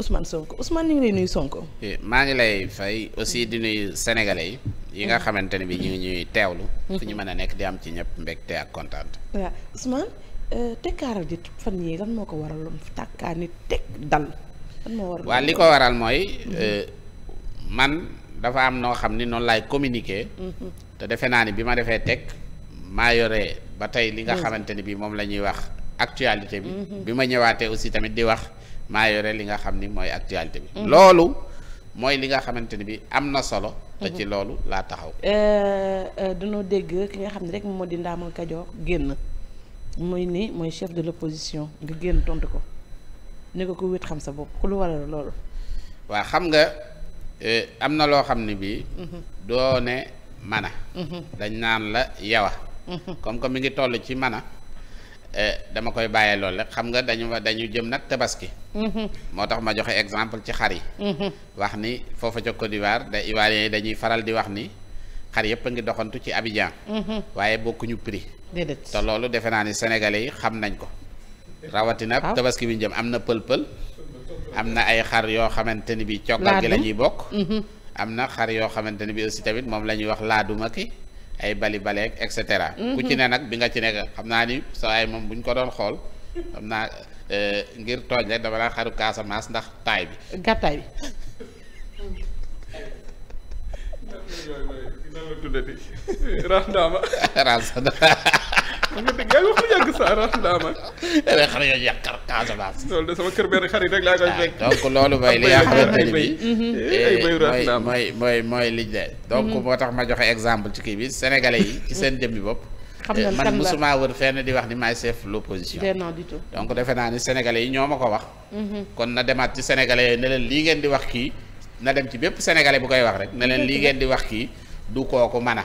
Ousmane Sonko Ousmane ñu ngi lay nuyu Sonko. Eh, maa ngi lay fay aussi di nuyu sénégalais yi. nga mm. xamante ne bi ñu ngi ñuy teewlu. Mm-hmm. fu ñu mën a nekk di am ci ñëpp mbégte ak kontaan. waaw Ousmane euh, tekkaaral ji fan yii lan moo ko waraloon tàkkaa ni teg dal. lan moo li ko waral mooy. Euh, man dafa am noo xam ni noonu laay communiquer. Mm-hmm. te defe naa ni bi ma defee teg maa yore ba tey li nga mm. xamante bi moom la ñuy wax actualité bi. Mm-hmm. bi ma ñëwaatee aussi tamit di wax. maa yore li nga xam ni mooy actualité bi. loolu mooy li nga xamante ni bi am na solo. te ci mhm. loolu laa taxaw. Euh, euh, dañoo dégg ki nga xam ne rek moo di Ndaamal Kajoor génn muy ni mooy chef de l'opposition nga génn tontu ko ne ko ku wét xam sa bopp ku lu waral loolu. waa xam nga eh, am na loo xam ni bii. Mhm. doo ne mana. Mhm. dañ naan la yewa. comme que mi ngi toll ci mana. Eh, dama koy bàyyee loolu rek xam nga dañu dañu jëm nag tabaski. Mhm. moo tax ma joxe exemple ci xar yi. Mhm. wax ni foofa ca Côte d'Ivoire da Ivoiriens yi dañuy faral di wax ni xar yëpp a ngi doxantu ci Abidjan. Mhm. waaye bokkuñu prix. déedéet te loolu defe naa ni sénégalais yi xam nañ ko. rawatina tabaski bi ñu jëm am na pël-pël. am na ay xar yoo xamante ni bi coggal gi la ñuy bokk. am na xar yoo xamante ni bi aussi tamit moom la ñuy wax laaduma ki ay bali baleeg et cetera. Mm-hmm. ku ci ne nag bi nga ci nekk xam naa ni sa waay moom bu ñu ko doon xool xam naa eh, ngir tooñ rek dama naa xaru Casamance ndax taay bi. gàttaay bi. raas daama. raas daama. xam nga dëgg yàlla wax lu yàgg sa raas daama. xale yooyu yàqar Casamance. loolu de sama kër benn xarit rek laa koy fekk. Ah, li nga xamante ni bii eh, eh, mooy mooy mm-hmm. tax ma joxe exemple ci kii bi sénégalais yi ci seen jëmmi bopp. Eh, man musuma wër fenn di wax ni maay chef l'opposition donc naa ni yi ñoo ma ko wax mm-hmm. kon na demaat ci sénégalais yooyu ne leen lii ngeen di wax kii na dem ci bépp sénégalais bu koy wax rek ne leen lii ngeen di wax kii du kooku mën a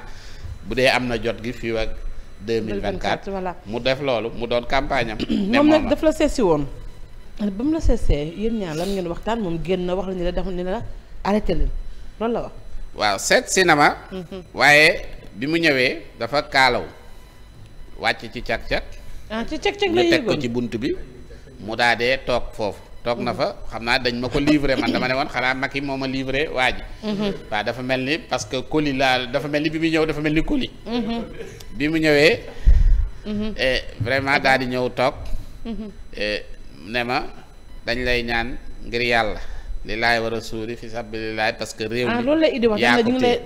bu dee am na jot gi fii ak 2024 voilà mu def loolu mu doon campagne am. moom nag daf la seesi woon. ba mu la seesee yéen ñaar lan ngeen waxtaan moom génn wax la ni la def ni la arrêté leen la wax. waaw seet cinéma. Mhm. waaye bi mu ñëwee dafa kaalaw wàcc ci cag-cag. ah ci cag-cag la teg ci bunt bi mu daa dee toog foofu. toog na fa xam naa dañ ma ko livré man dama ne woon xanaa Macky moo ma livré waa ji. mel ni que colis mel ni dafa mel ni bi mu ñëwee. Mhm. Eh, vraiment daal di ñëw toog. Mhm. Eh, ne ma dañ lay ñaan ngir yàlla. li laay war a suuri fi sabilillaay parce que. réew ah, mi ah loolu la Idi wax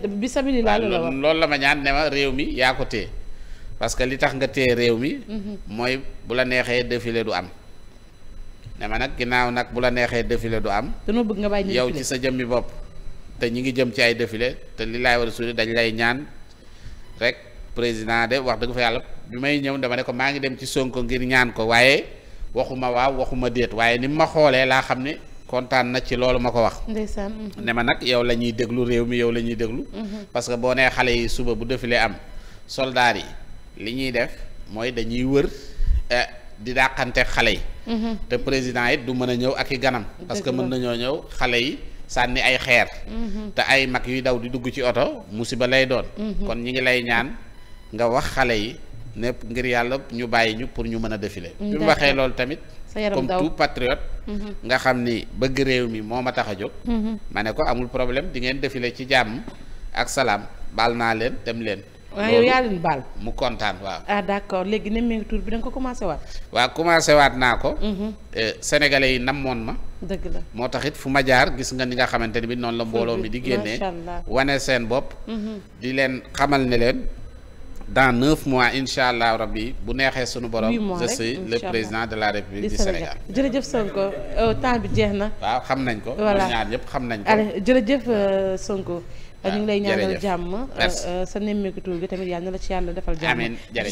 bi loolu la ma ñaan ne ma réew mi yaa ko téye parce que li tax nga téye réew mi. Mhm. mooy bu la neexee défilé du am. ne ma nag ginnaaw nag bu la neexee défilé du am. danoo bëgg nga bàyyi yow ci sa jëmmi bopp. te ñu ngi jëm ci ay defile te li laay war a suuri dañ lay ñaan rek. président de wax dëgg fa yàlla bi may ñëw dama ne ko maa ngi dem ci sonk ngir ñaan ko waaye waxuma waaw waxuma déet waaye ni ma xoolee laa xam ne kontaan na ci loolu ma ko wax. ne ma nag yow la ñuy déglu réew mi yow la ñuy déglu. Mhm. parce que boo nee xale yi suba bu défilé am soldaar yi li ñuy def mooy dañuy wër eh, di dàqante xale yi. Mhm. te président yi du mën a ñëw ak i ganam. parce que mën nañoo ñëw xale yi. sànni ay xeer. Mhm. te ay mag yuy daw di dugg ci oto musiba lay doon. nga wax xale yi nepp ngir yàlla ñu bàyyi ñu pour ñu mën a défiler mm, bi mu waxee loolu tamit comme tout patriote mm-hmm. nga xam ni bëgg réew mi moo ma tax a jóg mm-hmm. ma ne ko amul problème di ngeen ci jàmm ak salaam baal naa leen dem leen waaw yaa leen baal mu kontaan waaw ah d'accord léegi nemmeeku tur bi da nga ko commencé waat waaw commencé waat naa ko mm-hmm. eh, sénégalais yi namoon ma dëgg la moo tax it fu ma jaar gis nga ni nga xamante ni bi noonu la mbooloo mi di génnee wane seen bopp dans neuf mois incha allah yi bu neexee sunu borom. je suis le président de la république du Sénégal. jëf Sonko euh, temps bi jeex na. waaw xam nañ ko. voilà yëpp xam nañ ko. allez jërëjëf euh, Sonko. ñu lay ñaanal jàmm. Euh, sa nemmeeku tur bi tamit yàlla na la ci yàlla defal jàmm. amiin